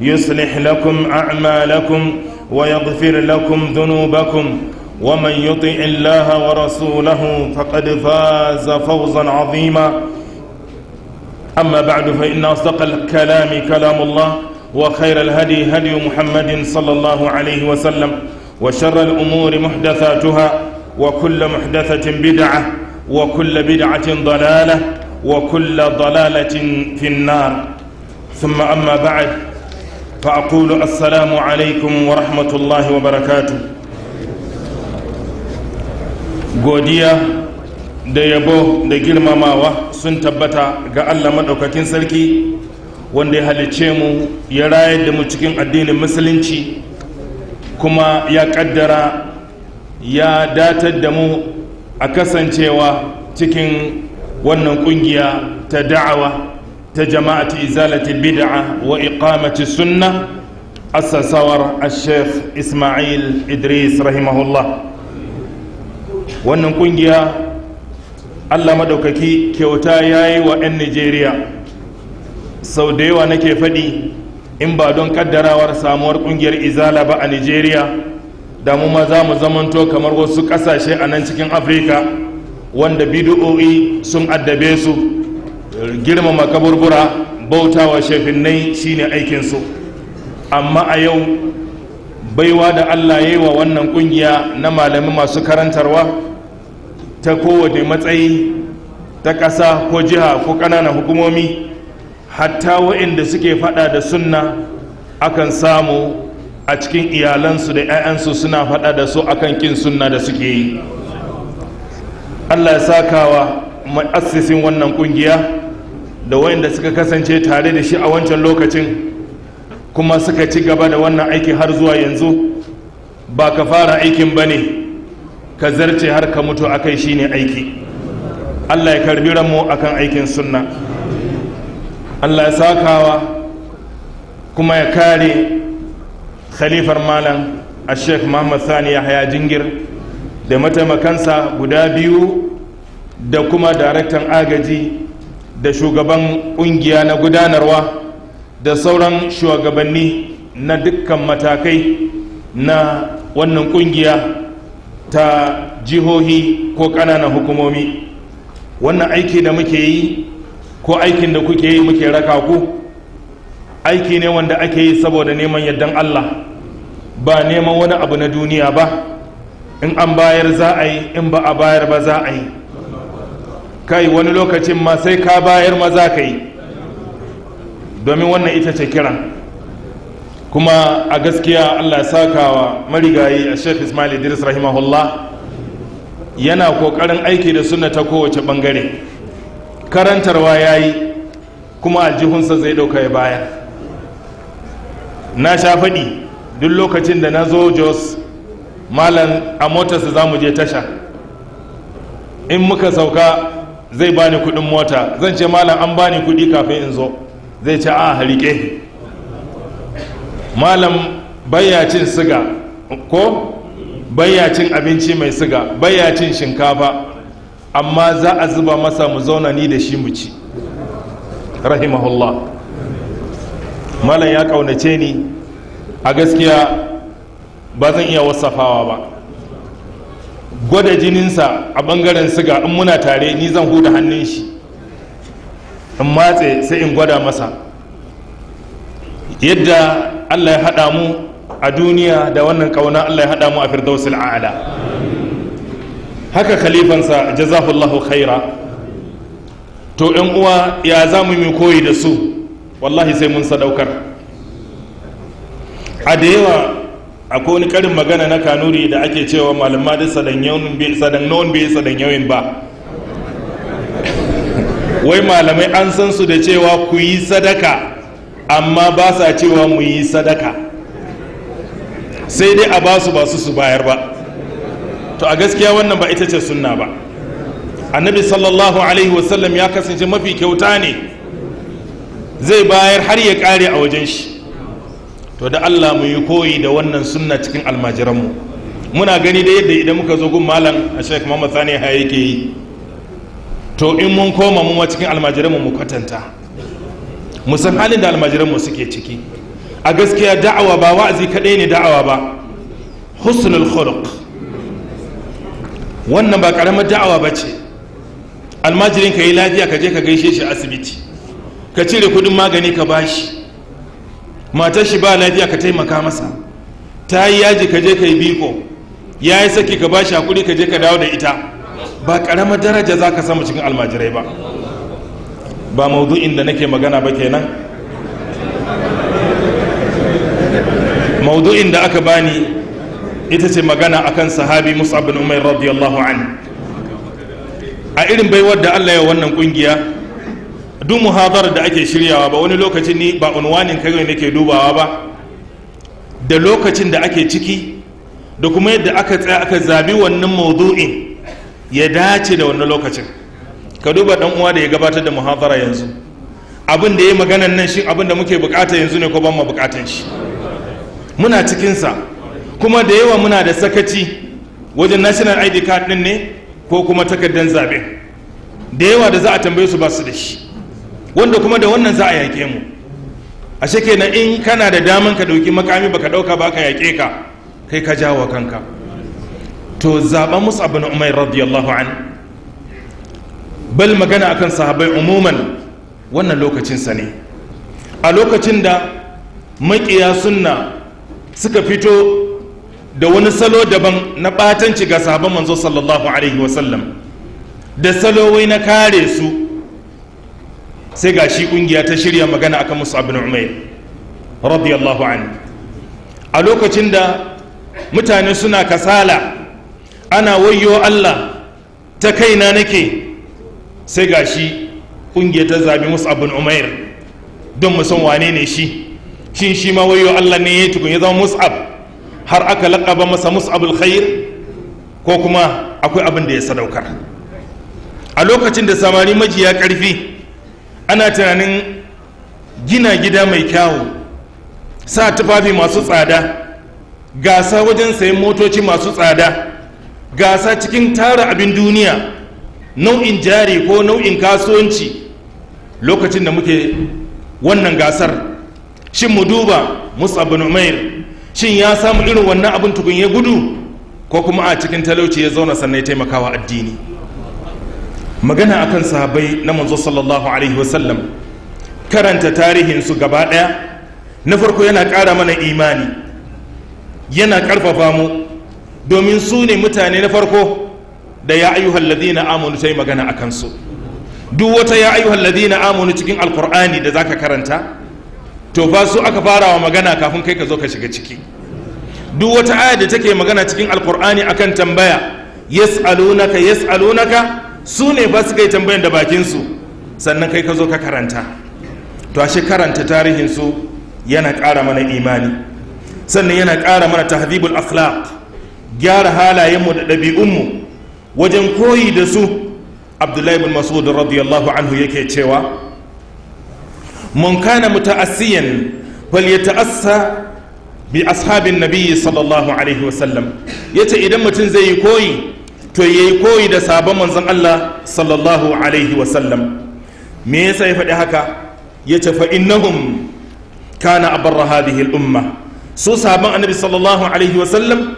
يصلح لكم أعمالكم ويغفر لكم ذنوبكم ومن يطع الله ورسوله فقد فاز فوزا عظيما أما بعد فإن أصدق الكلام كلام الله وخير الهدي هدي محمد صلى الله عليه وسلم وشر الأمور محدثاتها وكل محدثة بدعة وكل بدعة ضلالة وكل ضلالة في النار ثم أما بعد فأقول السلام عليكم ورحمة الله وبركاته godiya da yabo da girmamawa sun tabbata ga allah maɗaukakin sarki wanda ya halice mu ya rayar da mu cikin addinin musulunci kuma ya ƙaddara ya datar da mu a kasancewa cikin wannan ƙungiya ta da'awa ta jama'a izala ta bid'a wa iqamati sunna assasawar al-sheikh ismail idris rahimahullah wannan kungiya allah madaukaki kyauta ya yi wa 'yan nigeria sau da yawa nake faɗi in ba don kaddarawar samuwar ƙungiyar izala ba a nigeria da mu ma za mu zamanto kamar wasu ƙasashe a nan cikin afirka wanda bid'o'i sun addabe su girmama kaburbura bautawa shafinnai shine aikinsu amma a yau baiwa da allah ya yi wa wannan kungiya na malami masu karantarwa ta kowace matsayi ta ƙasa ko jiha ko ƙananan hukumomi hatta wa'inda suke fada da sunna akan samu a cikin iyalansu da 'ya'yansu suna fada da su akan kin sunna da suke yi allah ya sakawa mai wannan kungiya da wayanda suka kasance tare da shi a wancan lokacin kuma suka ci gaba da wannan aiki har zuwa yanzu ba ka fara aikin ba ne ka zarce har ka mutu akai ne aiki allah ya karbi ranmu a kan aikin sunna allah ya sakawa kuma ya kare khalifar malam a sheikh muhammad sani yahaya jingir da mataimakansa guda biyu da kuma daraktan agaji da shugaban ƙungiya na gudanarwa da sauran shugabanni na dukkan matakai na wannan ƙungiya ta jihohi ko ƙananan hukumomi wannan aiki da muke yi ko aikin da kuke yi muke raka ku aiki ne wanda ake yi saboda neman yardan Allah ba neman wani abu na duniya ba in an bayar za a yi in ba a bayar ba za a yi kai wani lokacin ma sai ka bayar maza ka yi domin wannan ita ce kiran kuma a gaskiya allah wa marigayi a shef ismail idris rahimahullah yana kokarin aiki da suna ta kowace bangare karantarwa ya yi kuma aljihunsa zai ɗauka ya bayar na sha faɗi duk lokacin da na zo jos malam a motarsa za mu je tasha in muka sauka zai bani kudin mota zan ce malam an bani kudi kafin in zo zai ce a ah, harike malam bayyacin siga ko bayyacin abinci mai siga bayyacin shinkafa amma za a zuba masa mu zauna ni da shi mu ci rahimahullah malam ya kaunace ni a gaskiya ba zan iya wasafawa ba gwada jininsa a bangaren siga in muna tare ni zan huda hannun shi in matse sai in gwada masa yadda allah ya haɗa mu a duniya da wannan ƙauna allah ya haɗa mu a firdausul a'ala haka khalifansa jazahullahu khaira to yan uwa ya za mu yi koyi da su wallahi sai mun sadaukar a da yawa akwai wani karin magana na kanuri da ake cewa malamma da sadannawan bai sadannawin ba wai malamai an san su da cewa ku yi sadaka amma ba sa cewa mu yi sadaka sai dai a basu ba su su bayar ba to a gaskiya wannan ba ita ce sunna ba annabi sallallahu alaihi wasallam ya kasance mafi kyauta ne zai bayar har ya kare a wajen shi to da Allah mu yi koyi da wannan sunna cikin almajiranmu muna gani da yadda idan muka zo gun malam a shek Muhammad Sani ha yake yi to in mun koma mu cikin almajiranmu mu kwatanta mu san halin da almajiranmu suke ciki a gaskiya da'awa ba wa'azi kadai ne da'awa ba husnul khuluq wannan ba karamar da'awa ba ce almajirin ka yi lafiya ka je ka gaishe shi asibiti ka cire kudin magani ka bashi matar shi ba lafiya ka taimaka masa ta yi yaji ka je ka yi biko ya yi saki ka ba shi hakuri ka je ka dawo da ita ba karamar daraja za ka samu cikin almajirai ba ba maudu'in da nake magana ba kenan maudu da aka bani ita ce magana akan sahabi musa bin umar radiyallahu an a irin baiwar da allah ya wannan kungiya duk muhadarar da ake shiryawa ba wani lokacin ni ba unwanin kai ne ke dubawa ba da lokacin da ake ciki da kuma yadda aka tsaya aka zabi wannan maudu'in ya dace da wannan lokacin ka duba dan uwa da ya gabatar da muhadara yanzu abin da ya maganan nan shi abin da muke bukata yanzu ne ko ban mu bukatan shi muna cikin sa kuma da yawa muna da sakaci wajen national id card din ne ko kuma takardar zabe da yawa da za a tambaye su ba su da shi wanda kuma da wannan za a yaƙe mu a na in kana da daman ka dauki makami baka ɗauka ba ka yaƙe ka kai ka jawo kanka to zaɓa musu abu na umar radiyallahu an bal magana akan sahabai umuman wannan lokacinsa ne a lokacin da maƙiya sunna suka fito da wani salo daban na ɓatanci ga sahabban manzo sallallahu alaihi wasallam da salowai na kare su sai ga shi kungiya ta shirya magana akan musa bin umair radiyallahu an a lokacin da mutane suna kasala ana wayo allah ta kaina nake sai ga shi kungiya ta zabi musa bin umair don mu san wane ne shi shin shi ma wayo allah ne ya tukun ya zama mus'ab har aka laƙaba masa abul khair ko kuma akwai abin da ya sadaukar a lokacin da samari majiya ƙarfi ana tunanin gina gida mai kyawu sa tufafi masu tsada gasa wajen sayan motoci masu tsada gasa cikin tara abin duniya nau'in jari ko nau'in kasuwanci lokacin da muke wannan gasar shin mu duba musab bin shin ya samu irin wannan abin tukun ya gudu ko kuma a cikin talauci ya zauna sannan ya taimakawa addini magana akan sahabai na manzo sallallahu alaihi wasallam karanta tarihinsu gaba ɗaya na farko yana ƙara mana imani yana ƙarfafa mu domin su ne mutane na farko da ya ayyuhal ladina amanu ta yi magana a kansu duk wata ya ayyuhal ladina amanu cikin alkur'ani da zaka karanta to fa su aka fara wa magana kafin kai ka zo ka shiga ciki duk wata aya da take magana cikin alkur'ani akan tambaya yas'alunaka yas'alunaka su ne ba su yi tambayan da bakinsu sannan kai ka zo ka karanta to ashe karanta tarihinsu yana ƙara mana imani sannan yana ƙara mana tahdhibul akhlaq gyara halayenmu da ɗabi'unmu wajen koyi da su abdullahi bin masud radiyallahu anhu yake cewa mun kana muta'assiyan falyata'assa bi ashabin nabiyyi sallallahu alaihi wasallam yace idan mutum zai yi koyi to ya yi koyi da sabon manzon Allah sallallahu alaihi wasallam me yasa ya faɗi haka ya ce fa innahum kana abarra hadhihi al-umma su sabon annabi sallallahu alaihi wasallam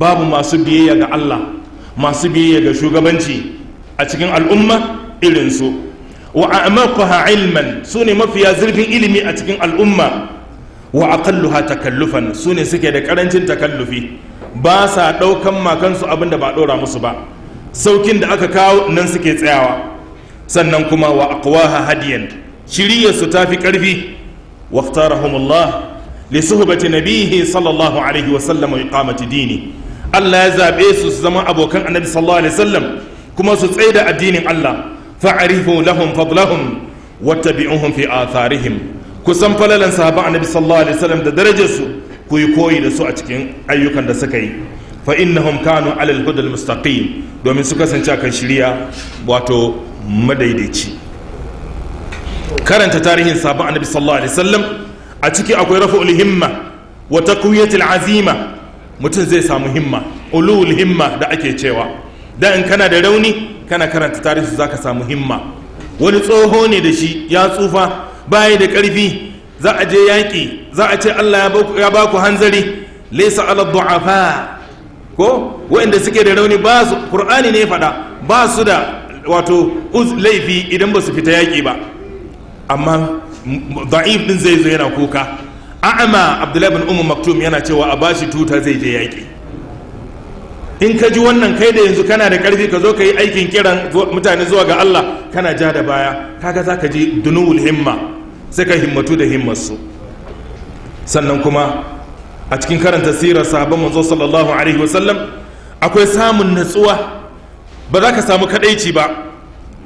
babu masu biyayya ga Allah masu biyayya ga shugabanci a cikin al'umma irin su wa a'maquha ilman su ne mafiya zurfin ilimi a cikin al'umma wa aqalluha takallufan su ne suke da karancin takallufi ba sa ɗaukan makansu abin da ba ɗora musu ba saukin da aka kawo nan suke tsayawa sannan kuma wa aqwaha hadiyan shiriyarsu ta fi ƙarfi wa ikhtarahumullah li suhbati nabihi sallallahu alaihi wa sallam wa iqamati dini Allah ya zabe su su zama abokan annabi sallallahu alaihi wasallam kuma su tsaida da addinin Allah arifu lahum fadlahum wattabi'uhum fi atharihim kusan falalan sahaba annabi sallallahu alaihi wasallam da darajarsu ku yi koyi da su a cikin ayyukan da suka yi fa innahum kanu alal hudal mustaqim domin su kasance kan shirya wato madaidaici karanta tarihin sabon annabi sallallahu alaihi wasallam a ciki akwai rafa'ul himma wa taqwiyatul azima mutum zai samu himma ulul himma da ake cewa da in kana da rauni kana karanta tarihi zaka samu himma wani tsoho ne da shi ya tsufa baya da karfi za a je yaƙi za a ce Allah ya ba ku hanzari laisa ala du'afa ko waɗanda suke da rauni ba su qur'ani ne faɗa ba su da wato uz laifi idan ba su fita yaƙi ba amma da'if din zai zo yana kuka a'ama abdullahi bin ummu maktum yana cewa a bashi tuta zai je yaƙi in ka ji wannan kai da yanzu kana da ƙarfi ka zo ka yi aikin kiran mutane zuwa ga Allah kana ja da baya kaga za ka ji dunu'ul himma Sai ka himmatu da himmarsu sannan kuma a cikin karanta sirar sahabban manzo sallallahu alaihi wasallam akwai samun natsuwa ba za ka samu kadaici ba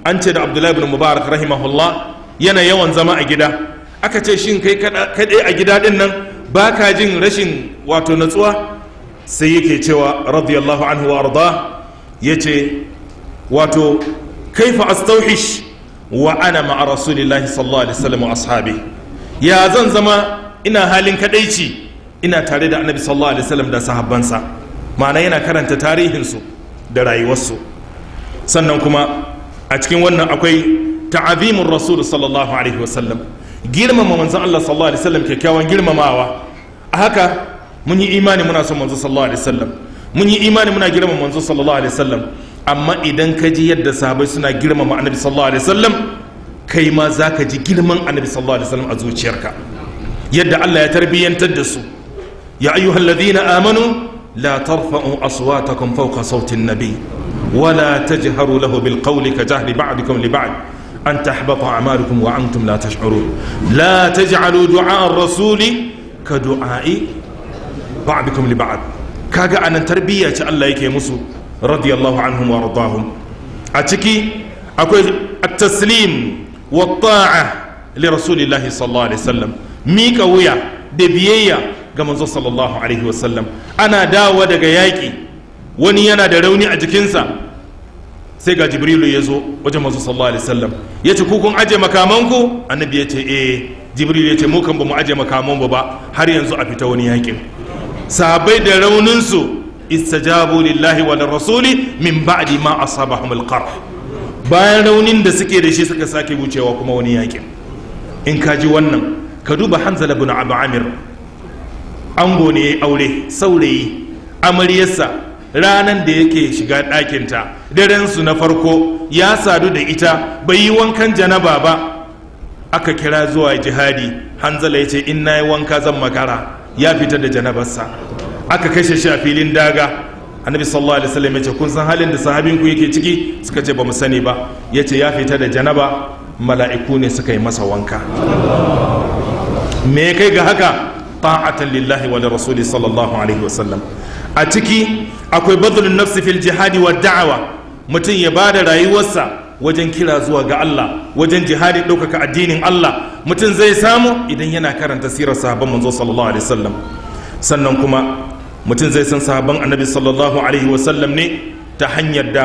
an ce da abdullahi bin mubarak rahimahullah yana yawan zama a gida aka ce shin kai kadai a gida din nan ba ka jin rashin wato natsuwa sai yake cewa radiyallahu anhu wa arda yace wato kaifa astauhish wa ana ma'a rasulillahi sallallahu alaihi wasallam wa ashabi ya zan zama ina halin kadaici ina tare da annabi sallallahu alaihi wasallam da sahabbansa ma'ana yana karanta tarihinsu da rayuwarsu sannan kuma a cikin wannan akwai ta'azimur rasul sallallahu alaihi wasallam girmama manzon Allah sallallahu alaihi wasallam kyakkyawan girmamawa a haka mun yi imani muna son manzon sallallahu alaihi wasallam mun yi imani muna girmama manzon sallallahu alaihi wasallam amma idan ka ji yadda sahabai suna girmama annabi sallallahu alaihi wasallam kai ma za ka ji girman annabi sallallahu alaihi wasallam a zuciyarka yadda Allah ya tarbiyyantar da su ya ayyuhalladhina amanu la tarfa'u aswatakum fawqa nabi wala tajharu lahu bil qawli ka jahri ba'dikum li ba'd an tahbata a'malukum wa antum la tash'urun la taj'alu du'a ar-rasuli ka du'a'i ba'dikum li ba'd kaga anan tarbiyya ce Allah yake musu radiyallahu anhum wa radahum a ciki akwai at-taslim wa ta'a li rasulillahi sallallahu alaihi wasallam mika wuya da biyayya ga manzo sallallahu alaihi wasallam ana dawo daga yaƙi wani yana da rauni a jikinsa sai ga jibrilu ya zo wajen manzo sallallahu alaihi wasallam ya ce kun aje makamanku annabi ya ce eh jibrilu ya ce mu kan bamu aje makaman ba har yanzu a fita wani yaƙin sahabbai da rauninsu istajabu lillahi wa rasuli min ba'di ma asabahum alqarh bayan raunin da suke da shi suka sake wucewa kuma wani yakin in ka ji wannan ka duba hanzala ibn abu amir ango ne ya aure saurayi amaryarsa ranan da yake shiga ɗakinta su na farko ya sadu da ita bai yi wankan janaba ba aka kira zuwa jihadi hanzala ya ce in na yi wanka zan makara ya fita da janabarsa aka kashe shi a filin daga annabi sallallahu alaihi wasallam yace kun san halin da sahabin ku yake ciki suka ce bamu sani ba yace ya fita da janaba mala'iku ne suka yi masa wanka me kai ga haka ta'atan lillahi wa rasuli sallallahu alaihi wasallam a ciki akwai badlun nafsi fil jihadi wa da'awa mutum ya bada rayuwarsa wajen kira zuwa ga Allah wajen jihadi ɗaukaka addinin Allah mutum zai samu idan yana karanta sirar sahabban manzo sallallahu alaihi wasallam sannan kuma mutum zai san sahabban annabi sallallahu alaihi wasallam ne ta hanyar da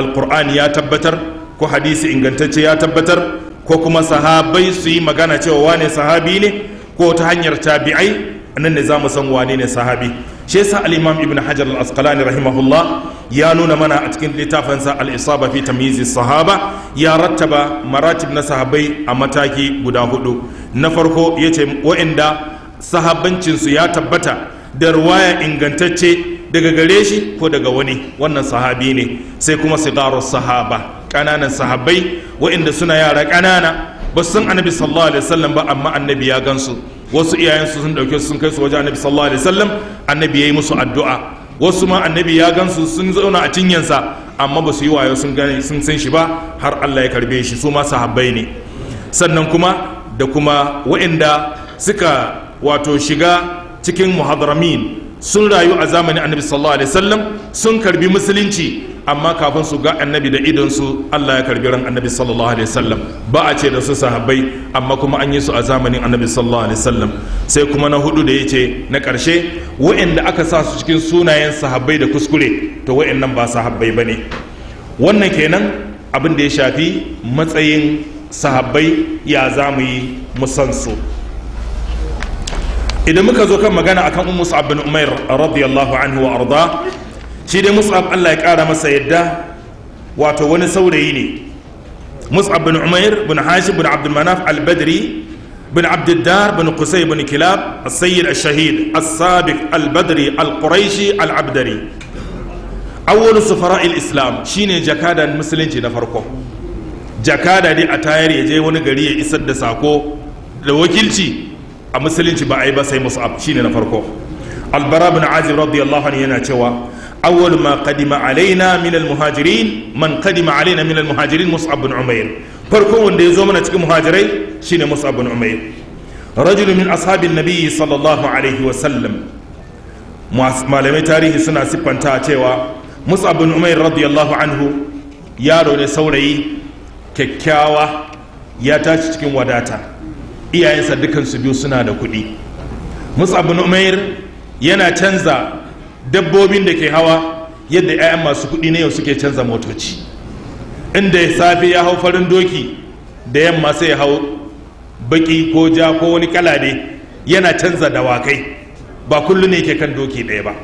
alkur'ani ya tabbatar ko hadisi ingantacce ya tabbatar ko kuma sahabai su yi magana cewa wane sahabi ne ko ta hanyar tabi'ai nan ne za mu san wane ne sahabi shi yasa al-imam ibn hajar al-asqalani rahimahullah ya nuna mana a cikin littafinsa al-isaba fi tamyiz sahaba ya rattaba maratib na sahabai a mataki guda hudu na farko yace wainda sahabancin su ya tabbata da ruwaya ingantacce daga gare shi ko daga wani wannan sahabi ne sai kuma sigarar sahaba ƙananan sahabbai waɗanda suna yara ƙanana ba san annabi sallallahu alaihi wasallam ba amma annabi ya gansu wasu iyayensu sun dauke sun kai su wajen annabi sallallahu alaihi wasallam annabi yi musu addu'a wasu ma annabi ya gansu sun zauna a cinyansa amma ba su yi wayo sun gane sun san shi ba har Allah ya karbe shi su ma sahabbai ne sannan kuma da kuma waɗanda suka wato shiga cikin muhadramin sun rayu a zamanin annabi sallallahu alaihi wasallam sun karbi musulunci amma kafin su ga annabi da idonsu Allah ya karbi ran annabi sallallahu alaihi wasallam ba a ce da su sahabbai amma kuma an yi su a zamanin annabi sallallahu alaihi wasallam sai kuma na hudu da yace na karshe wa'anda aka sa su cikin sunayen sahabbai da kuskure to wa'annan ba sahabbai bane wannan kenan abin da ya shafi matsayin sahabbai ya zamu yi musansu idan muka zo kan magana akan ummu mus'ab bin umair radiyallahu anhu wa arda shi dai mus'ab Allah ya kara masa yadda wato wani saurayi ne mus'ab bin umair bin hashim bin abdul manaf al-badri bin abdiddar bin qusay bin kilab as-sayyid ash-shahid as-sabiq al-badri al-quraishi al-abdari awwalu sufara al-islam shine jakadan musulunci na farko jakada dai a tayar ya je wani gari ya isar da sako da wakilci a musulunci ba a yi ba sai mus'ab shine na farko albara bin azib radiyallahu anhu yana cewa awwal ma qadima alaina min muhajirin man qadima alaina min almuhajirin mus'ab bin umair farko wanda ya zo mana cikin muhajirai shine mus'ab bin umair rajul min ashabin nabiyyi sallallahu alaihi wa sallam malamai tarihi suna siffanta cewa mus'ab bin umair radiyallahu anhu yaro ne saurayi kyakkyawa ya tashi cikin wadata iyayensa dukansu biyu suna da kuɗi mus'ab bin umair yana canza dabbobin da ke hawa yadda 'ya'yan masu kuɗi na yau suke canza motoci inda safe ya hau farin doki da yamma sai ya hau baki ko ja ko wani kala yana canza dawakai ba kullum ne ke kan doki ɗaya ba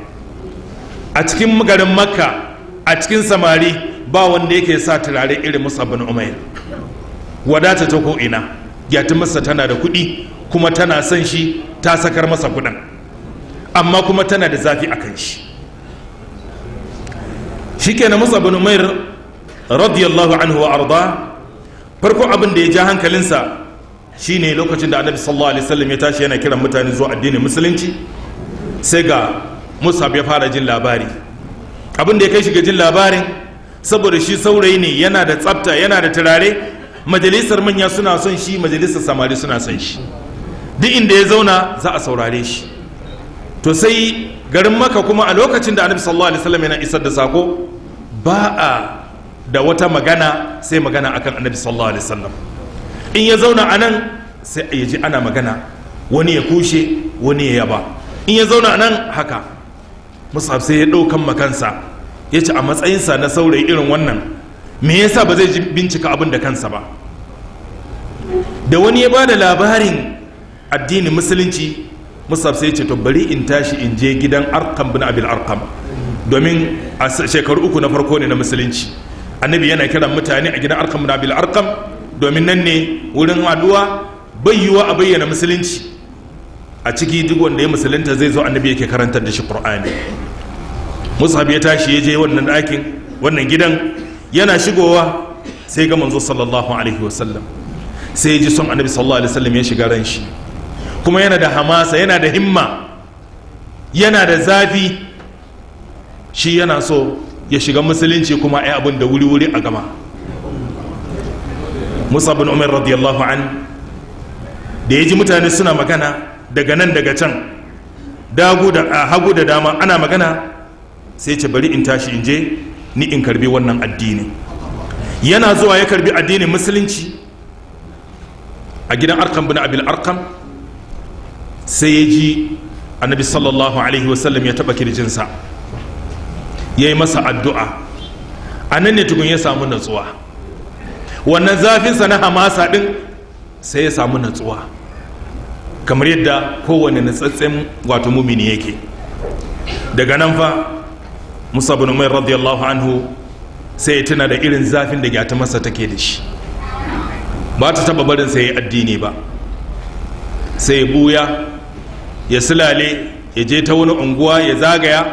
a cikin garin makka a cikin samari ba wanda yake sa turare irin mus'ab bin umair wadata ta ko ina masa tana da kuɗi kuma tana son shi ta sakar masa kuɗin amma kuma tana da zafi a kan shi shi ke na musa bin umar radiyallahu anhu wa arda farko abin da ya ja hankalinsa shine lokacin da annabi sallallahu alaihi wasallam ya tashi yana kiran mutane zuwa addinin musulunci sai ga Musa ya fara jin labari abin da ya kai shi ga jin labarin saboda shi saurayi ne yana da tsabta yana da turare majalisar manya suna son shi majalisar samari suna son shi duk inda ya zauna za a saurare shi to sai garin maka kuma a lokacin da annabi sallallahu alaihi wasallam yana isar da sako ba a da wata magana sai magana akan annabi sallallahu alaihi wasallam in ya zauna anan, sai ya ji ana magana wani ya kushe wani ya yaba in ya zauna anan haka musab sai ya ɗaukan makansa ya ce a matsayinsa na saurayi irin wannan me yasa ba zai bincika abin da kansa ba da wani ya bada labarin addinin musulunci musab sai ce to bari in tashi in je gidan arkam bin abil arkam domin a shekaru uku na farko ne na musulunci annabi yana kiran mutane a gidan arkam bin abil arkam domin nan ne wurin haduwa bayyuwa a bayyana musulunci a ciki duk wanda ya musulunta zai zo annabi yake karantar da shi qur'ani musab ya tashi ya je wannan ɗakin wannan gidan yana shigowa sai ga manzo sallallahu alaihi wasallam sai ji son annabi sallallahu alaihi wasallam ya shiga ran shi kuma yana da hamasa yana da himma yana da zafi shi yana so ya shiga musulunci kuma ai abin da wuri-wuri a gama musa bin umar radiyallahu an da ya ji mutane suna magana daga nan daga can hagu da dama ana magana sai ce bari in tashi in je ni in karbi wannan addini yana zuwa ya karbi addinin musulunci a gidan arkan bin abil arkam sai ya ji annabi sallallahu alaihi wasallam ya taba kirjinsa ya yi masa addu'a a nan ne tukun ya samu natsuwa wannan zafinsa na hamasa ɗin sai ya samu natsuwa kamar yadda kowane natsatsen wato mumini yake daga nan fa musa bin umar radiyallahu anhu sai tana da irin zafin da gyata masa take da shi ba ta taba barin sai addini ba sai buya ya silale ya je ta wani unguwa ya zagaya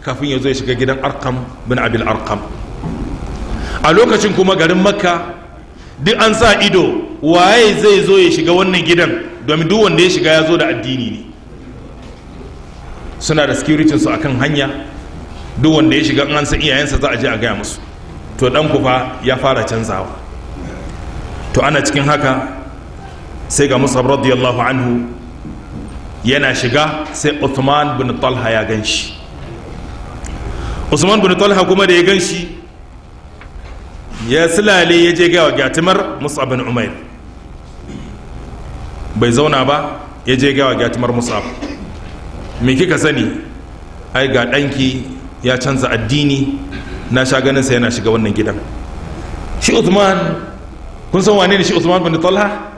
kafin ya zo ya shiga gidan arkam bin abil arkam a lokacin kuma garin makka duk an sa ido waye zai zo ya shiga wannan gidan domin duk wanda ya shiga ya zo da addini ne suna da security su akan hanya duk wanda ya shiga an san iyayensa za a je a gaya musu to dan ku ya fara canzawa to ana cikin haka sai ga musab radiyallahu anhu yana shiga sai Uthman bin Talha ya ganshi Usman bin Talha kuma da ya ganshi ya silale ya je gaya wa gyatumar Mus'ab bin Umair bai zauna ba ya je gaya wa gyatumar Mus'ab me kika sani ai ga danki ya canza addini na sha ganinsa yana shiga wannan gidan shi Uthman kun san wane ne shi Uthman bin Talha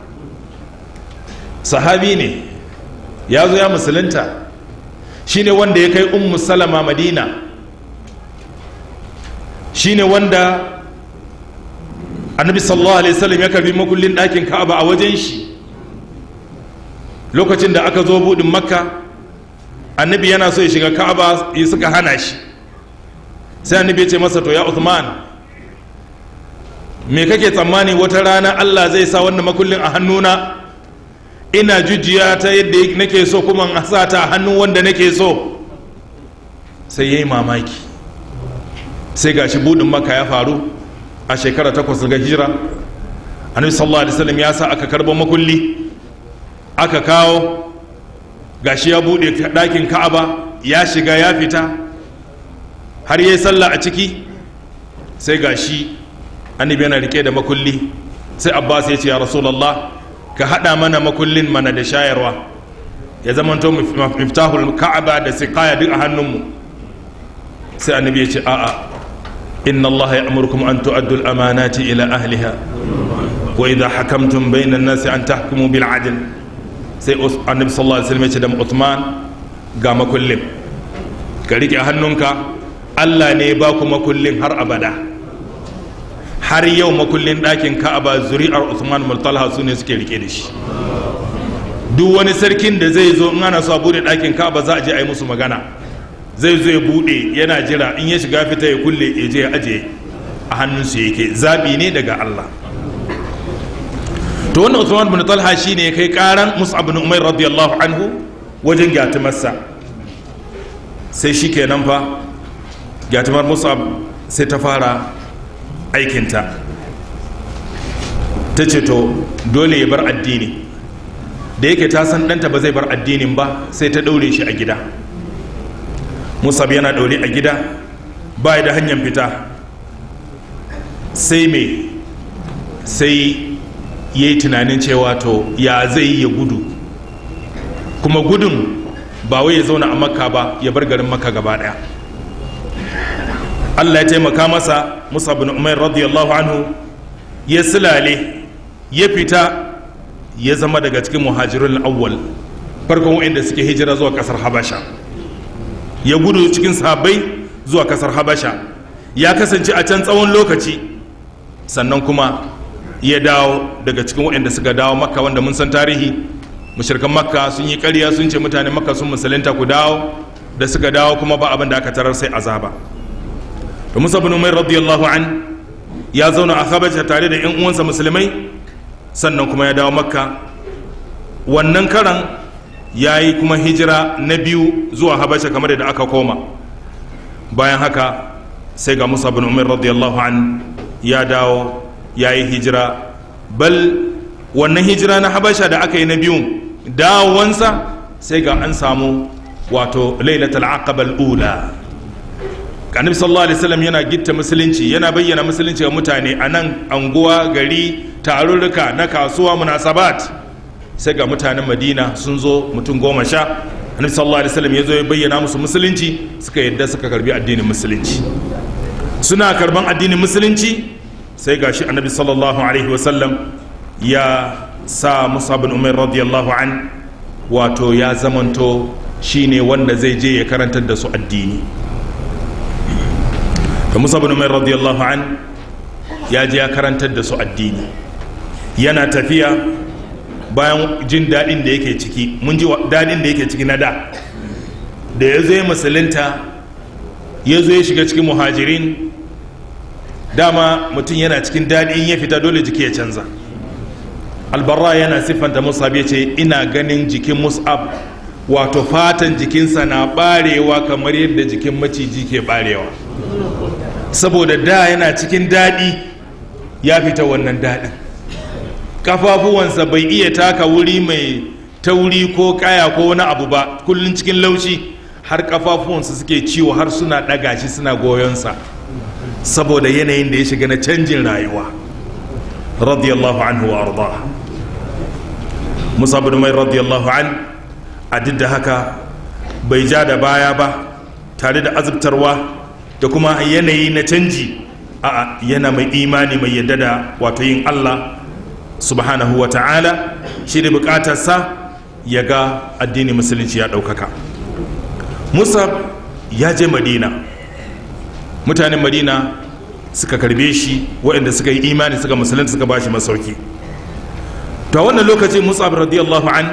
sahabi ne ya zo ya musulunta shine wanda ya kai ummu salama madina shine wanda annabi sallallahu alaihi wasallam ya karbi makullin ɗakin ka'aba a wajen shi lokacin da aka zo buɗin makka annabi yana so ya shiga ka'aba suka hana shi sai annabi ya ce masa to ya Uthman me kake tsammani wata rana Allah zai sa wannan makullin a hannuna ina jujjiya ta yadda nake so kuma a sa ta a hannun wanda nake so sai yayi mamaki sai gashi budin maka ya faru a shekara takwas ga hijira annabi sallallahu alaihi wasallam ya sa aka karɓa makulli aka kawo gashi ya bude dakin ka'aba ya shiga ya fita har yayi sallah a ciki sai gashi annabi yana rike da makulli sai abbas ya ce ya rasulullah ka hada mana makullin mana da shayarwa ya zamanto miftahul ka'aba da siqaya duk a hannunmu sai annabi ya ce a'a inna allaha ya'murukum an tu'addu al-amanati ila ahliha wa idha hakamtum bayna an-nasi an tahkumu bil 'adl sai annabi sallallahu alaihi wasallam ya ce da Uthman ga makullin ka rike hannunka allah ne ba ku makullin har abada har yau makullin ɗakin ka'aba zuri'ar usman Murtala su ne suke rike da shi duk wani sarkin da zai zo in ana so a buɗe ɗakin ka'aba za a je a yi musu magana zai zo ya bude yana jira in ya shiga fita ya kulle ya je ya aje a hannun hannunsu yake zabi ne daga allah to wannan Uthman bin Talha shine kai karan Mus'ab bin Umair radiyallahu anhu wajen gatumarsa sai shi shikenan fa gatimar musab sai ta fara aikinta ta ce to dole ya bar addini da yake ta san ɗanta ba zai bar addinin ba sai ta ɗaure shi a gida musab yana ɗaure a gida ba da hanyar fita sai mai sai ya yi tunanin cewa to ya zai ya gudu kuma gudun ba wai ya zauna a makka ba ya bar garin makka gaba ɗaya Allah ya taimaka masa Musa bin Umar radiyallahu anhu ya silale ya fita ya zama daga cikin muhajirul awwal farkon wa'inda suke hijira zuwa kasar Habasha ya gudu cikin sahabbai zuwa kasar Habasha ya kasance a can tsawon lokaci sannan kuma ya dawo daga cikin wa'inda suka dawo Makka wanda mun san tarihi mushrikan Makka sun yi ƙarya sun ce mutane Makka sun musulunta ku dawo da suka dawo kuma ba abin da aka tarar sai azaba da musa bin umair radiyallahu an ya zauna a habasha tare da yan uwansa musulmai sannan kuma ya dawo makka wannan karan ya yi kuma hijira na biyu zuwa habasha kamar da aka koma bayan haka sai ga musa bin umair radiyallahu an ya dawo ya yi hijira bal wannan hijira na habasha da aka yi na biyun dawowansa sai ga an samu wato lailatul aqaba ula annabi sallallahu alaihi wasallam yana gitta musulunci yana bayyana musulunci ga mutane a nan anguwa gari tarurruka na kasuwa munasabat sai ga mutanen madina sun zo mutum goma sha annabi sallallahu alaihi wasallam ya zo ya bayyana musu musulunci suka yadda suka karbi addinin musulunci suna karban addinin musulunci sai ga gashi annabi sallallahu alaihi wasallam ya sa musa bin umar radiyallahu an wato ya zamanto shine wanda zai je ya karantar da su addini da musa bin umar radiyallahu an ya ji ya karantar da su addini yana tafiya bayan jin daɗin da yake ciki mun ji daɗin da yake ciki na da da ya zo ya musulunta ya zo ya shiga cikin muhajirin dama mutum yana cikin daɗin ya fita dole jiki ya canza albarra yana siffanta musab ya ce ina ganin jikin musab wato fatan jikinsa na barewa kamar yadda jikin maciji ke barewa saboda da yana cikin daɗi ya fita wannan daɗin kafafuwansa bai iya taka wuri mai tauri ko kaya ko wani abu ba kullum cikin laushi har kafafuwansa suke ciwo har suna ɗaga shi suna goyonsa saboda yanayin da ya shiga na canjin rayuwa radiyallahu anhu wa arba musa bin mai radiyallahu an a duk da haka bai ja da baya ba tare da azabtarwa da kuma yanayi na canji a yana mai imani mai yadda da wato yin Allah subhanahu wa ta'ala shi da bukatarsa ya ga addinin musulunci ya ɗaukaka musa ya je madina mutanen madina suka karbe shi waɗanda suka yi imani suka musulunci suka ba shi masauki ta wannan lokaci musa radiyallahu an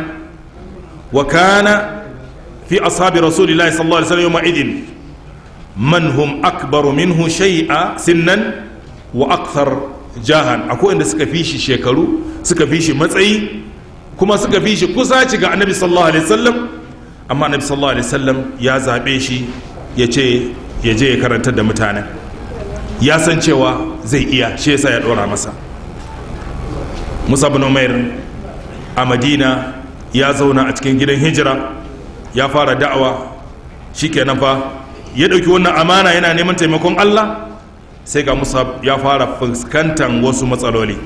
wa kana fi ashabi rasulillahi sallallahu alaihi wasallam yawma idin man hum akbaru minhu a sinnan wa akthar jahan akwai inda suka fi shi shekaru suka fi shi matsayi kuma suka fi shi kusaci ga annabi sallallahu alaihi wasallam amma annabi sallallahu alaihi wasallam ya zabe shi ya ce ya je ya karanta da mutane. ya san cewa zai iya shi yasa ya dora masa musa bin umair a madina ya zauna a cikin gidan hijira ya fara da'awa shikenan fa ya ɗauki wannan amana yana neman taimakon allah sai ga musa ya fara fuskantar wasu matsaloli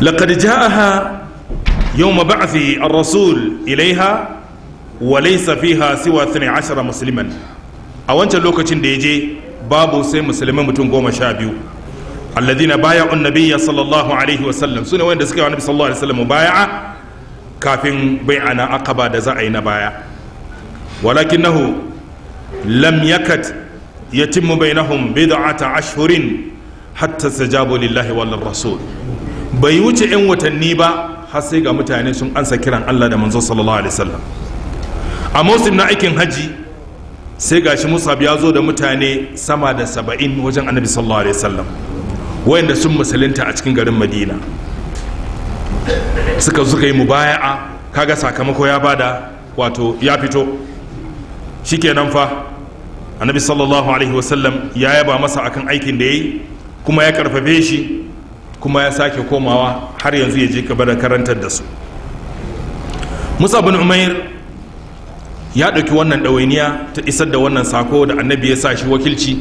لقد جاءها يوم بعثه الرسول إليها وليس فيها سوى 12 مسلما a wancan lokacin da ya je babu sai musulmai mutum goma sha biyu alladina baya un nabiya sallallahu alaihi wasallam su ne wanda suka yi wa nabi sallallahu alaihi wasallam baya'a kafin bai'a na akaba da za a yi na baya walakinahu lam yakat yatimmu da bid'ata ashirin hatta jabo lillahi wal rasul bai wuce yan watanni ba har sai ga mutane sun ansa kiran Allah da manzo sallallahu alaihi wasallam a musim na aikin haji sai gashi Musa ya zo da mutane sama da saba'in wajen annabi sallallahu alaihi wasallam wayanda sun musulunta a cikin garin madina suka suka yi mubaya'a kaga sakamako ya bada wato ya fito Shi shikenan fa annabi sallallahu alaihi wasallam ya yaba masa akan aikin da ya yi kuma ya karfafe shi kuma ya sake komawa har yanzu ya je ka da karantar da su musa bin umair ya ɗauki wannan ɗawainiya ta isar da wannan sako da annabi ya sa shi wakilci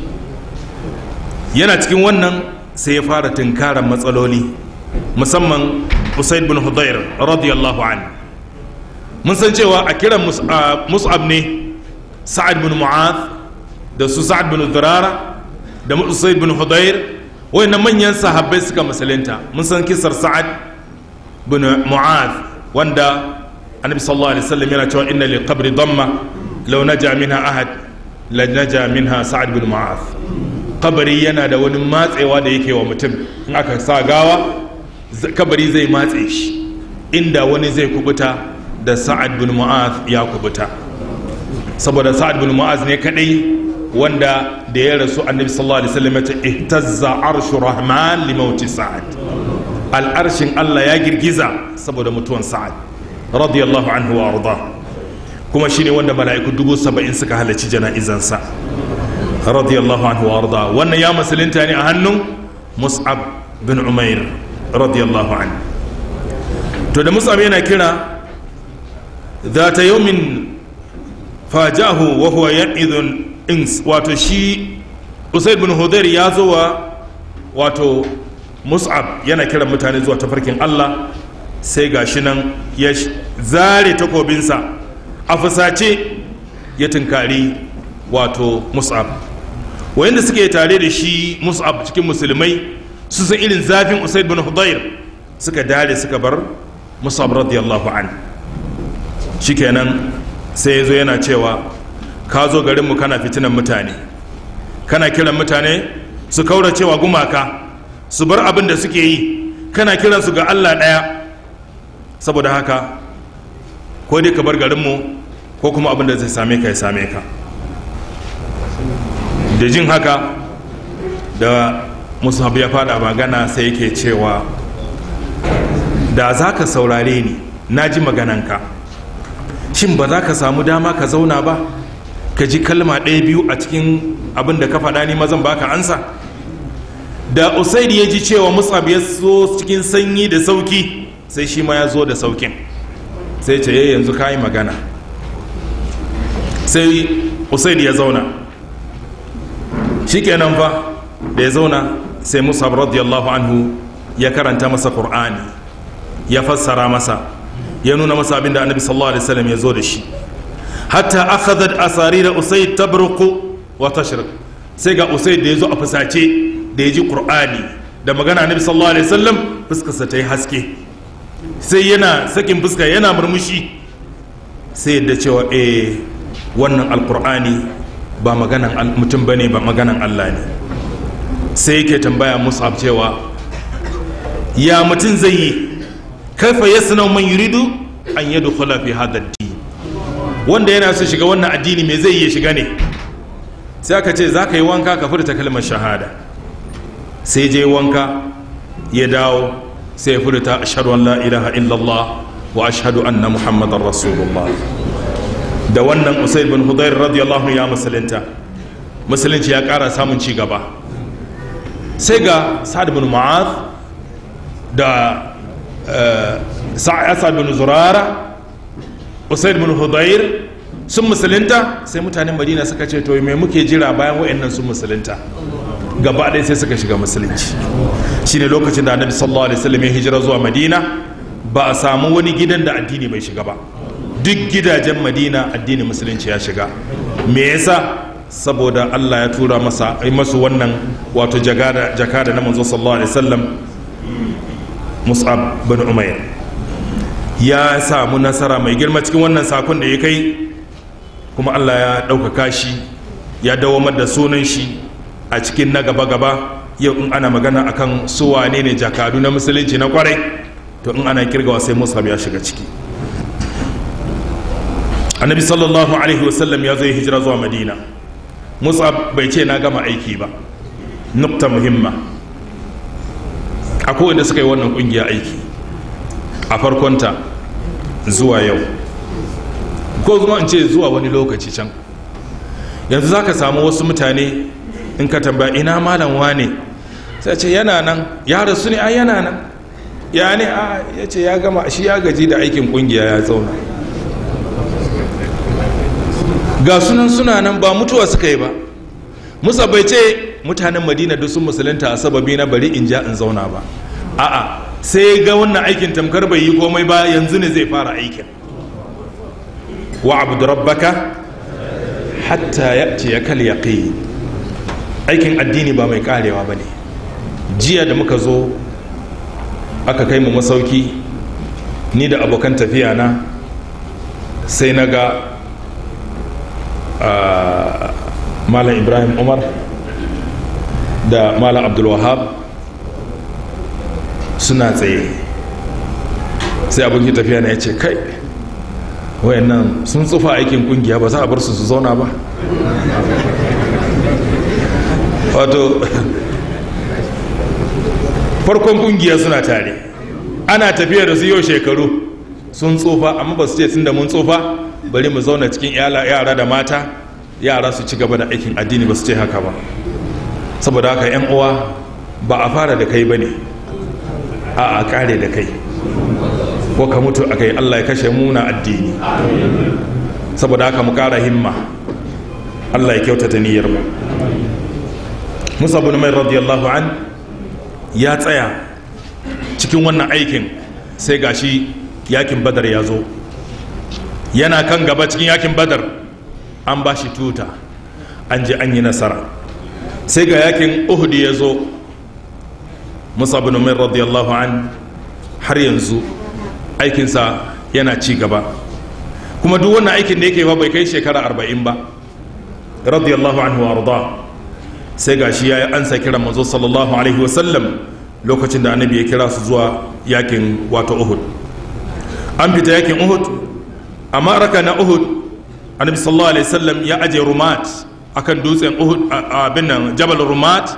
yana cikin wannan sai ya fara tunkarar matsaloli musamman usaid bin hudair radiyallahu an mun san cewa a kiran mus'ab ne sa'ad bin mu'ath da su sa'ad bin zurara da usaid bin hudayr wayannan manyan sahabbai suka musulunta mun san kisar sa'ad bin mu'ath wanda annabi sallallahu alaihi wasallam yana cewa inna li qabri damma law naja minha ahad la naja minha sa'ad bin mu'ath kabari yana da wani matsewa da yake wa mutum in aka sa gawa kabari zai matse shi inda wani zai kubuta da sa'ad bin mu'ath ya kubuta saboda sa'ad bin mu'az ne kadai wanda da ya rasu annabi sallallahu alaihi wasallam ta ihtazza arshu rahman li mauti sa'ad al'arshin Allah ya girgiza saboda mutuwan sa'ad radiyallahu anhu wa arda kuma shine wanda mala'iku dubu saba'in suka halarci jana'izansa radiyallahu anhu wa arda wannan ya musulunta ne a hannun mus'ab bin umair radiyallahu anhu to da mus'ab yana kira ذات يوم fajahu wa huwa yan'idhul ins wato shi usaid bin hudayr ya zo wa wato mus'ab yana kiran mutane zuwa tafarkin Allah sai gashi nan ya zare takobinsa a fusace ya tunkari wato mus'ab wayanda suke tare da shi mus'ab cikin musulmai su san irin zafin usaid bin hudayr suka dare suka bar mus'ab radiyallahu an shikenan sai ya zo yana cewa ka zo garinmu kana fitinan mutane kana kiran mutane su kaura cewa gumaka su bar abin da suke yi kana kiran su ga allah ɗaya saboda haka ko dai ka bar garinmu ko kuma abin da zai same ka ya same ka da jin haka da musahabu ya fada magana sai yake cewa da za ka saurare ni na ji magananka shin ba za ka samu dama ka zauna ba ka ji kalma ɗaya biyu a cikin abin da ka faɗa ni mazan baka ansa da usaid ya ji cewa musab ya zo cikin sanyi da sauki sai shi ma ya zo da saukin sai ce yanzu ka yi magana sai usaid ya zauna shikenan fa da ya zauna sai musab radiyallahu anhu ya karanta masa qur'ani ya fassara masa ya nuna masa abin da annabi sallallahu alaihi wasallam ya zo da shi hatta akhadhat asarira usayd tabruqu wa tashraq sai ga usayd da ya zo a fasace da ya ji qur'ani da magana annabi sallallahu alaihi wasallam fuskarsa ta yi haske sai yana sakin fuska yana murmushi sai yadda cewa eh wannan alqur'ani ba maganan mutum bane ba maganan Allah ne sai yake tambaya musab cewa ya mutum zai yi kaifa yasna man yuridu an yadkhula fi hadha ad wanda yana so shiga wannan addini me zai iya shiga ne sai aka ce zaka yi wanka ka furta kalmar shahada sai je wanka ya dawo sai ya furta ashhadu an la ilaha illallah wa ashhadu anna muhammadar rasulullah da wannan usaid bin hudayr radiyallahu ya musulunta musulunci ya kara samun ci gaba sai ga sa'ad bin mu'az da sa'asa bin zurara usaid bin hudair sun musulunta sai mutanen madina suka ce to mai muke jira bayan wa'annan sun musulunta gaba ɗaya sai suka shiga musulunci shine lokacin da annabi sallallahu alaihi wasallam ya hijira zuwa madina ba a samu wani gidan da addini bai shiga ba duk gidajen madina addini musulunci ya shiga me yasa saboda Allah ya tura masa ai masu wannan wato jakada na manzo sallallahu alaihi wasallam mus'ab bin umair ya samu nasara mai girma cikin wannan sakon da ya kai kuma allah ya ɗaukaka shi ya dawamar da sunan shi a cikin na gaba-gaba yau in ana magana akan su wane ne jakadu na musulunci na kwarai to in ana kirgawa sai musab ya shiga ciki annabi sallallahu alaihi wasallam ya zo ya hijira zuwa madina musab bai ce na gama aiki ba nukta muhimma a kowane suka yi wannan kungiya aiki a farkonta zuwa yau ko kuma in ce zuwa wani lokaci can yanzu za ka samu wasu mutane in ka tambaya ina malam wane sai ce yana nan ya rasu ne a yana nan ya ne a ah, ya ce ya gama shi ya gaji da aikin kungiya ya zauna ga sunan suna nan ba mutuwa suka yi ba musa bai ce mutanen madina duk sun musulunta a sababi na bari in ja in zauna ba a'a sai ga wannan aikin tamkar bai yi komai ba yanzu ne zai fara aikin wa abu rabbaka hatta ya ce ya kal aikin addini ba mai karewa ba ne jiya da muka zo aka kai mu masauki ni da abokan tafiya na sai na ga ah, malam ibrahim umar da malam abdulwahab suna tsaye sai abokin tafiya na ya ce kai wayannan sun tsufa aikin kungiya ba za a bar su su zauna ba wato farkon kungiya suna tare ana tafiya da su yau shekaru sun tsufa amma ba su ce sun da mun tsufa bari mu zauna cikin yara da mata yara su ci gaba da aikin addini ba su ce haka ba saboda haka yan uwa ba a fara da kai bane a a kare da kai ko ka mutu a kai allah ya kashe muna addini saboda haka mu kara himma allah ya kyautata niyyar mu musa bin mai radiyallahu an ya tsaya cikin wannan aikin sai gashi yakin badar ya zo yana kan gaba cikin yakin badar an ba shi tuta an ji an yi nasara sai ga yakin uhudu ya zo musa bin umar radiyallahu an har yanzu aikinsa yana ci gaba kuma duk wannan aikin da yake ba bai kai shekara arba'in ba radiyallahu anhu arda sai ga shi ya yi ansa kiran manzo sallallahu alaihi wasallam lokacin da annabi ya kira su zuwa yakin wato uhud an fita yakin uhud amma raka na uhud annabi sallallahu alaihi wasallam ya ajiye rumat akan dutsen uhud a binnan jabal rumat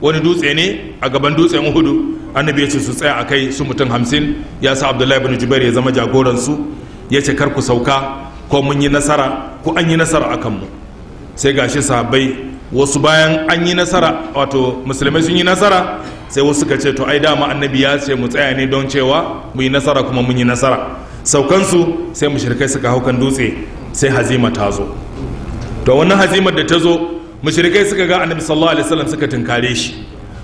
wani dutse ne a gaban dutsen uhudu annabi ya ce su tsaya a kai su mutum hamsin ya sa abdullahi bin jubair ya zama jagoransu ya ce kar ku sauka ko mun yi nasara ko an yi nasara a kanmu sai gashi sahabbai wasu bayan an yi nasara wato musulmai sun yi nasara sai wasu ka ce to ai dama annabi ya ce mu tsaya ne don cewa mu yi nasara kuma mun yi nasara saukansu sai mushrikai suka hau kan dutse sai hazima ta zo to wannan hazimar da ta zo mushrikai suka ga annabi sallallahu alaihi wasallam suka tunkare shi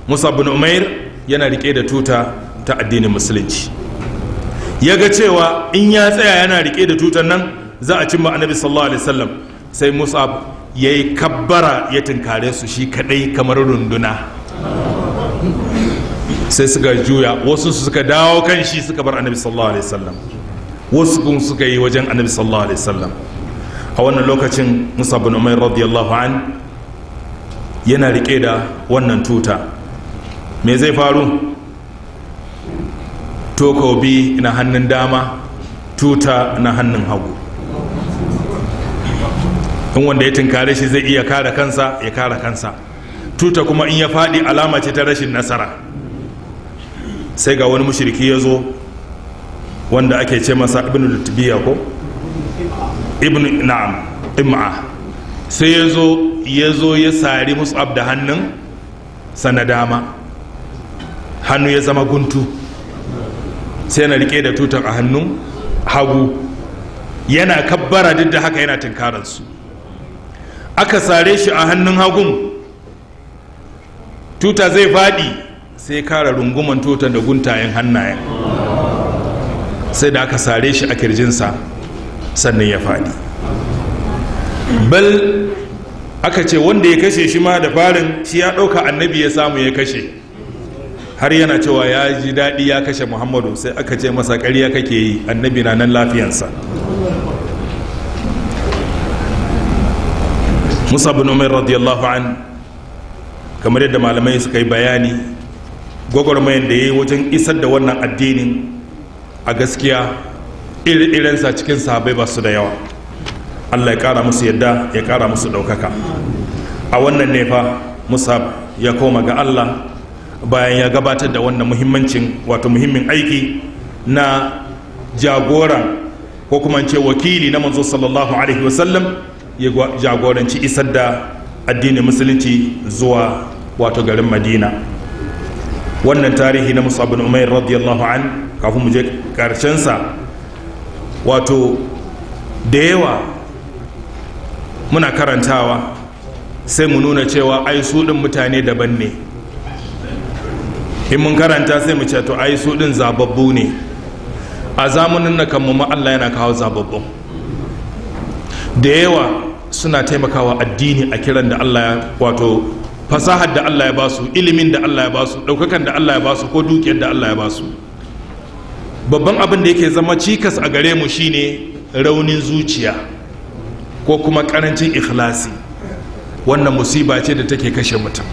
musa bin umair yana rike da tuta ta addinin musulunci ya ga cewa in ya tsaya yana rike da tutan nan za a cimma annabi sallallahu alaihi wasallam sai musa ya yi kabbara ya tunkare su shi kadai kamar runduna sai suka juya wasu suka dawo kan shi suka bar annabi sallallahu alaihi wasallam wasu kun suka yi wajen annabi sallallahu alaihi wasallam a wannan lokacin musa bin umar radiyallahu an yana rike da wannan tuta me zai faru tokobi na hannun dama tuta na hannun hagu in wanda ya tinkare shi zai iya kare kansa ya kare kansa tuta kuma in ya faɗi alama ce ta rashin nasara sai ga wani mushiriki ya zo wanda ake ce masa ibn biya ko ibn na'am imma sai ya zo ya zo ya sari mus'ab da hannun sana dama hannu ya zama guntu sai na rike da tutar a hannun hagu yana kabbara duk da haka yana su aka sare shi a hannun hagun tuta zai fadi sai kara runguman tutar da guntayen hannayen sai da aka sare shi a kirjinsa sannan ya faɗi bal aka ce wanda ya kashe shi ma da farin shi ya ɗauka annabi ya samu ya kashe har yana cewa ya ji daɗi ya kashe muhammadu sai aka ce masa ƙarya kake yi annabi na nan lafiyansa musa bin umar radiyallahu an kamar yadda malamai suka yi bayani gwagwarmayan da ya yi wajen isar da wannan addinin a gaskiya iri-irinsa cikin sahabai ba su da yawa allah ya kara musu yadda ya kara musu ɗaukaka a wannan ne fa ya koma ga allah bayan ya gabatar da wannan muhimmancin wato muhimmin aiki na jagoran ko kuma ce wakili na manzo sallallahu alaihi wasallam ya jagoranci isar da addinin musulunci zuwa wato garin madina wannan tarihi na musab bin umar radiyallahu an kafin mu je karshensa wato da yawa muna karantawa sai mu nuna cewa ai su din mutane daban ne in mun karanta sai mu ce to ai su din zababbu ne a zamanin na kanmu ma Allah yana kawo zababbu da yawa suna taimakawa addini a kiran da Allah ya wato fasahar da Allah ya basu ilimin da Allah ya basu ɗaukakan da Allah ya basu ko dukiyar da Allah ya basu babban abin da yake zama cikas a gare mu shine raunin zuciya ko kuma karancin ikhlasi wannan musiba ce da take kashe mutum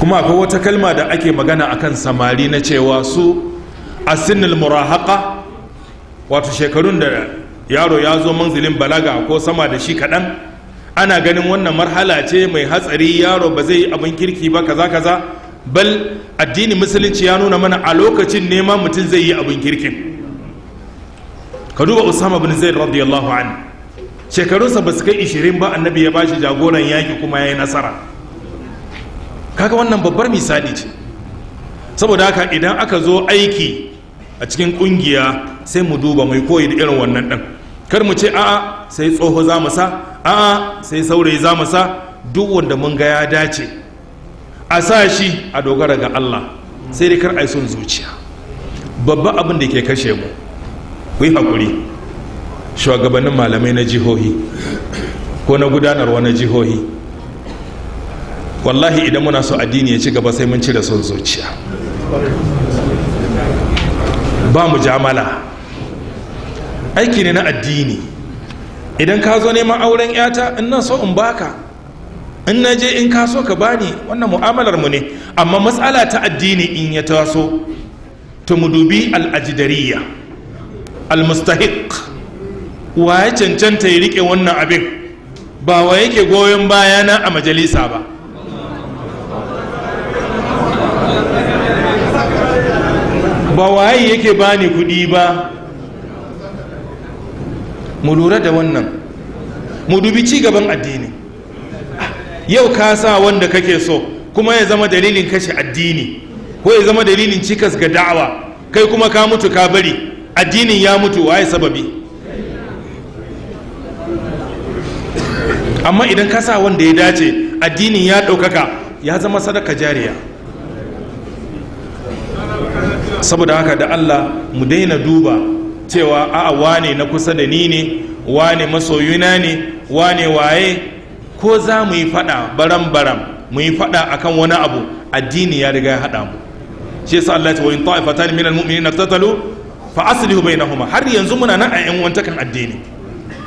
kuma akwai wata kalma da ake magana akan samari na cewa su asinil murahaka wato shekarun da yaro ya zo manzilin balaga ko sama da shi kaɗan ana ganin wannan marhala ce mai hatsari yaro ba zai yi abin kirki ba kaza kaza bal addinin musulunci ya nuna mana a lokacin nema mutum zai yi abin kirkin ka duba usama bin zaid radiyallahu an shekarunsa ba su kai ishirin ba annabi ya shi jagoran yaki kuma ya yi nasara kaga wannan babbar misali ce saboda haka idan aka zo aiki a cikin kungiya sai mu duba mai koyi da irin wannan ɗan, kar mu ce a'a sai tsoho za mu sa a'a sai saurayi za mu sa duk wanda mun ga ya dace a sa shi a dogara ga Allah sai dai kar a yi son zuciya babba abin da ke kashe mu ku yi hakuri shugabannin malamai na jihohi ko na gudanarwa na jihohi wallahi idan muna so addini ya ci gaba sai mun cire son zuciya ba mu jamala aiki ne na addini idan ka zo neman auren yata ina so in baka in na je in kaso ka bani wannan mu'amalar mu ne amma matsala ta addini in ya taso to mu dubi al'ajidariya al-mustahiq wa ya cancanta ya rike wannan abin ba wa yake goyon bayana a majalisa ba ba waye yake bani kudi ba mu lura da wannan mu dubi ci gaban addini yau ka sa wanda kake so kuma ya zama dalilin kashe addini ko ya zama dalilin cikas ga da'awa kai kuma ka mutu ka bari addinin ya mutu waye sababi amma idan ka sa wanda ya dace addinin ya ɗaukaka ya zama sadaka jariya saboda haka da allah mu daina duba cewa a'a wane na kusa da ni ne wane masoyuna ne wane waye ko za mu yi faɗa baram baram mu yi faɗa akan wani abu addini ya riga ya haɗa mu shi yasa Allah ta wayin ta'ifatan min almu'minina tatalu fa aslihu bainahuma har yanzu muna nan a yan kan addini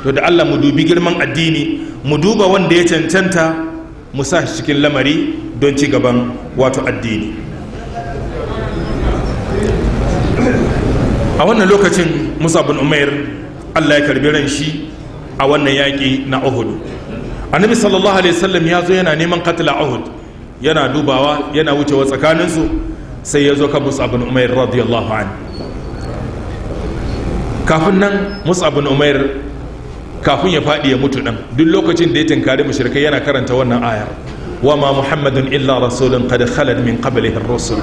to da Allah mu dubi girman addini mu duba wanda ya cancanta mu sa shi cikin lamari don ci gaban wato addini a wannan lokacin musa bin umair Allah ya karbi ran shi a wannan yaƙi na uhudu annabi sallallahu alaihi wasallam ya zo yana neman katila uhud yana dubawa yana wucewa tsakaninsu sai ya zo ka musa umair radiyallahu an kafin nan musa umair kafin ya faɗi ya mutu ɗan duk lokacin da ya tinkari mushrikai yana karanta wannan ayar wa ma muhammadun illa rasulun qad khalad min qablihi ar-rusul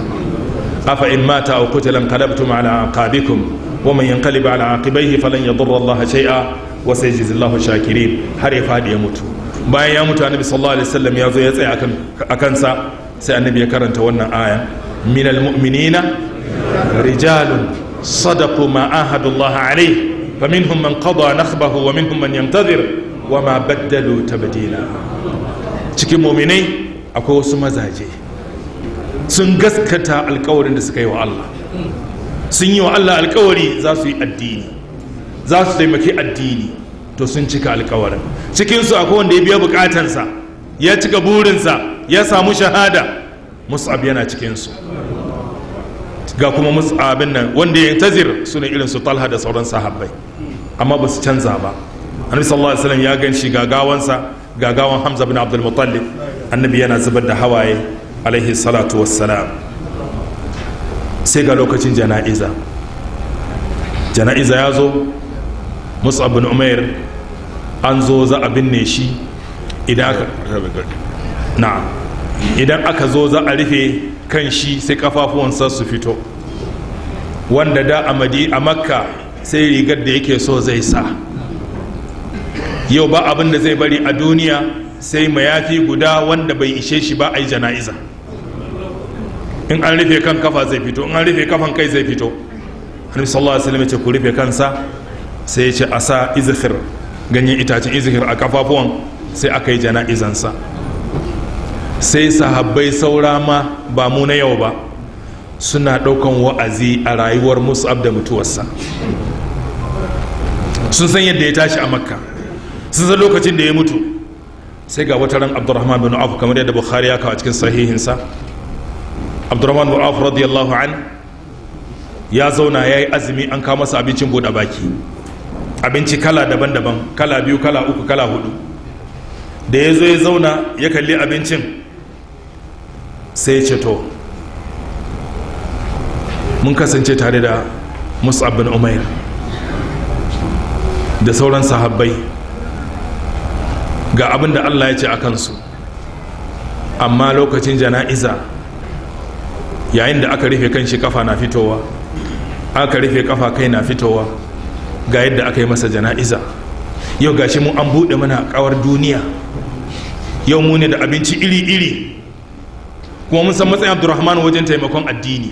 afa in mata aw qutila inqalabtum ala aqabikum wa man yanqalib ala aqibaihi falan yadurra allaha shay'a wa sayajzi allahu shakirin har ya faɗi ya mutu bayan ya mutu annabi sallallahu alaihi wasallam ya zo ya tsaya a kansa sai annabi ya karanta wannan aya min almu'minina rijalun sadaqu ma ahadullahi alaihi minhum man qada nakhbahu wa minhum man yantazir wa ma baddalu tabdila cikin mu'minai akwai wasu mazaje sun gaskata alkawarin da suka yi wa Allah sun yi wa Allah alkawari za su yi addini za su taimaki addini to sun cika alkawarin cikinsu akwai wanda ya biya bukatansa ya cika burinsa ya samu shahada mus'ab yana cikinsu ga kuma mus'abin nan wanda ya tazir su ne irinsu talha da sauran sahabbai amma ba su canza ba annabi sallallahu alaihi wasallam ya ga gawansa gagawansa gagawan hamza bin abdul muttalib annabi yana zubar da hawaye alaihi salatu wassalam sai ga lokacin jana'iza jana'iza ya zo mus'ab bin Umar an zo za a binne shi idan aka na zo za a rufe kan shi sai kafafuwansa su fito wanda da a makka sai rigar da yake so zai sa yau ba abin da zai bari a duniya sai mayafi guda wanda bai ishe shi ba a yi jana'iza in an rufe kan kafa zai fito in an rufe kafan kai zai fito annabi sallallahu alaihi ya ce ku rufe kansa sai ce a sa izikir ganyen itacen izikir a kafafuwan sai aka yi jana'izansa sai sahabbai saura ma ba mu na yau ba suna ɗaukan wa'azi a rayuwar musab da mutuwarsa sun san yadda ya tashi a makka sun san lokacin da ya mutu sai ga wata ran abdurrahman bin afu kamar yadda bukhari ya kawo cikin sahihinsa abdurrahman bin afu radiyallahu an ya zauna ya yi azumi an kawo masa abincin buɗe baki abinci kala daban-daban kala biyu kala uku kala hudu da ya zo ya zauna ya kalli abincin sai ce to mun kasance tare da mus'ab bin umair da sauran sahabbai ga abin da allah ya ce a kansu amma lokacin jana'iza yayin da aka rufe kan shi kafa na fitowa aka rufe kafa kai na fitowa ga yadda aka yi masa jana'iza yau gashi mu an buɗe mana kawar duniya yau mu ne da abinci iri-iri kuma mun san matsayin abdurrahman wajen taimakon addini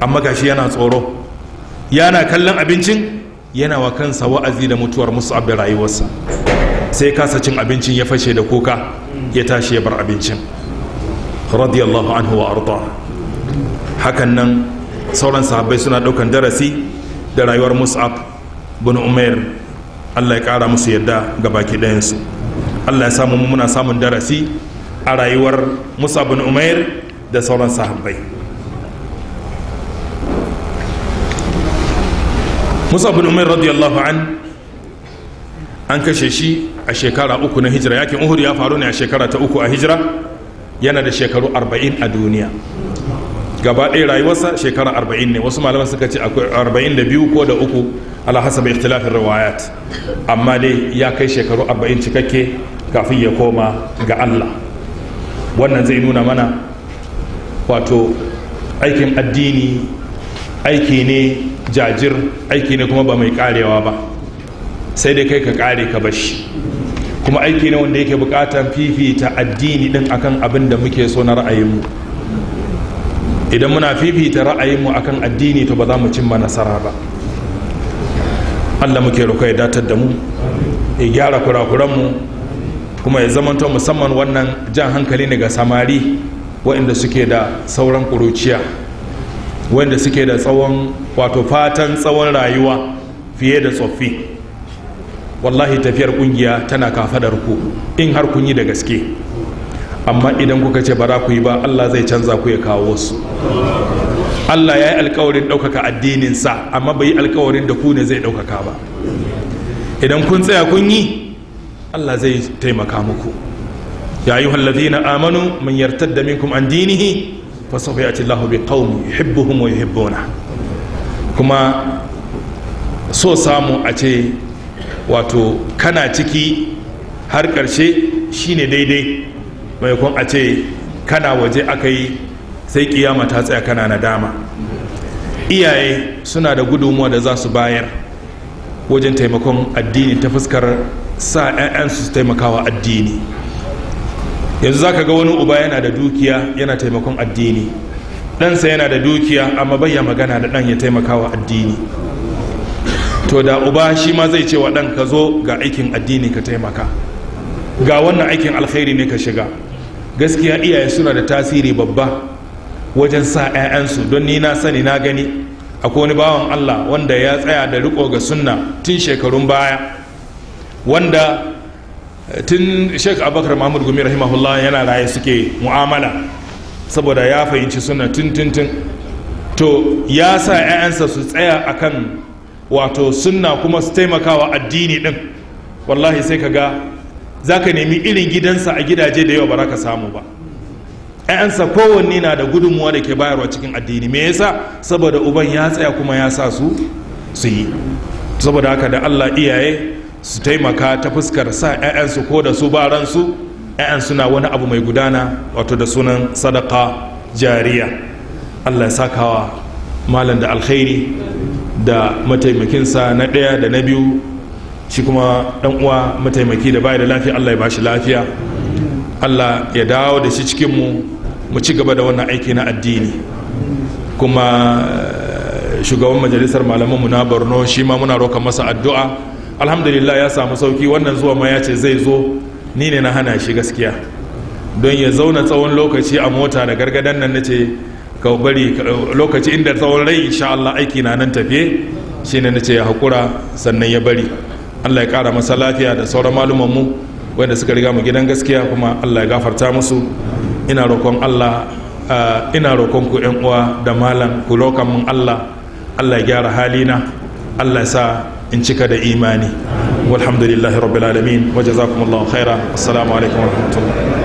amma gashi yana tsoro yana kallon abincin yana wa kansa wa'azi da mutuwar musu abin rayuwarsa sai kasa cin abincin ya fashe da kuka ya tashi ya bar abincin radiyallahu anhu wa arda hakan nan sauran sahabbai suna daukan darasi da rayuwar mus'ab bin Umar allah ya kara musu yadda ga baki ɗayansu allah ya samu muna samun darasi a rayuwar musa bin Umar da sauran sahabbai musa bin Umar radiyallahu an an kashe shi a shekara uku na hijira yakin uhud ya faru ne a shekara ta uku a hijira yana da shekaru arba'in a duniya gaba ɗaya rayuwarsa shekara arba'in ne wasu malaman suka ce akwai arba'in da biyu ko da uku ala bai ikhtilafin riwayat amma dai ya kai shekaru arba'in cikakke kafin ya koma ga Allah wannan zai nuna mana wato aikin addini aiki ne jajir aiki ne kuma ba mai karewa ba sai dai kai ka kare ka bashi kuma aiki ne wanda yake bukatan fifita addini din akan abin da muke so na ra'ayinmu idan muna fifita ra'ayinmu akan addini to ba za mu cimma nasara ba allah muke roƙo ya datar da mu ya gyara kurakuranmu kuma ya zamanto musamman wannan jan hankali ne ga samari waɗanda suke da sauran ƙuruciya waɗanda suke da tsawon wato fatan tsawon rayuwa fiye da tsoffi wallahi tafiyar ƙungiya tana da ku in har kun yi da gaske amma idan kuka ce ba za ku yi ba allah zai canza ku ya kawo wasu allah ya yi alkawarin ɗaukaka addininsa amma bai yi alkawarin da ku ne zai ɗaukaka ba idan kun tsaya kun yi allah zai taimaka muku ya yi na amanu yartar da minkum an dinihi fa ya ci lahu bi qaumin yuhibbuhum wa kuma so samu a ce wato kana ciki har ƙarshe shine daidai Mai kun a ce kana waje aka yi sai kiyama ta tsaya kana dama iyaye suna da gudunmuwa da za su bayar wajen taimakon addini ta fuskar sa 'ya'yansu su taimakawa addini yanzu za ka ga wani uba yana da dukiya yana taimakon addini ɗansa yana da dukiya amma bayya magana da ɗan ya taimakawa addini to da uba shi ma zai ce wa ɗan ka zo ga aikin addini ka taimaka ga wannan aikin alkhairi ne ka shiga gaskiya iyaye suna da tasiri babba wajen sa 'ya'yansu don ni na sani na gani akwai wani bawan allah wanda ya tsaya da riko ga sunna tun shekarun baya wanda eh, tun sheikh abakar mahmud gumi rahimahullah yana raye suke mu'amala saboda ya fahimci suna tun tun tun to ya sa 'ya'yansa su tsaya akan wato sunna kuma su taimakawa addini din wallahi sai ka ga za ka nemi irin gidansa a gidaje da yawa ba za ka samu ba ‘ya'yansa kowanne na da gudunmuwa da ke bayarwa cikin addini me yasa saboda uban ya tsaya kuma ya sa su su yi saboda haka da allah iyaye su taimaka ta fuskar sa ‘ya'yansu ko da su ba ransu ‘ya'yansu na wani abu mai gudana wato da sunan sadaka jariya allah ya sakawa malam da alkhairi da mataimakinsa na ɗaya da na biyu shi kuma dan uwa mataimaki da bai da lafiya Allah ya bashi lafiya Allah ya dawo da shi cikin mu mu ci gaba da wannan aiki na addini kuma eh, shugaban majalisar malaman mu na Borno shi ma muna roka masa addu'a alhamdulillah ya samu sauki wannan zuwa ma ya ce zai zo ni ne na hana shi gaskiya don ya zauna tsawon lokaci a mota da gargadan nan na ce ka bari lokaci inda tsawon rai insha Allah aiki na nan tafiye shine na ce ya haƙura sannan ya bari allah ya kara masa lafiya da sauran malumanmu wanda suka riga mu gidan gaskiya kuma allah ya gafarta musu ina roƙon allah ina roƙon ku yan uwa da malam ku roƙon mun allah allah ya gyara halina allah ya sa in cika da imani walhamdulillahi rabbil alamin wa jazakumullahu khaira assalamu alaikum wa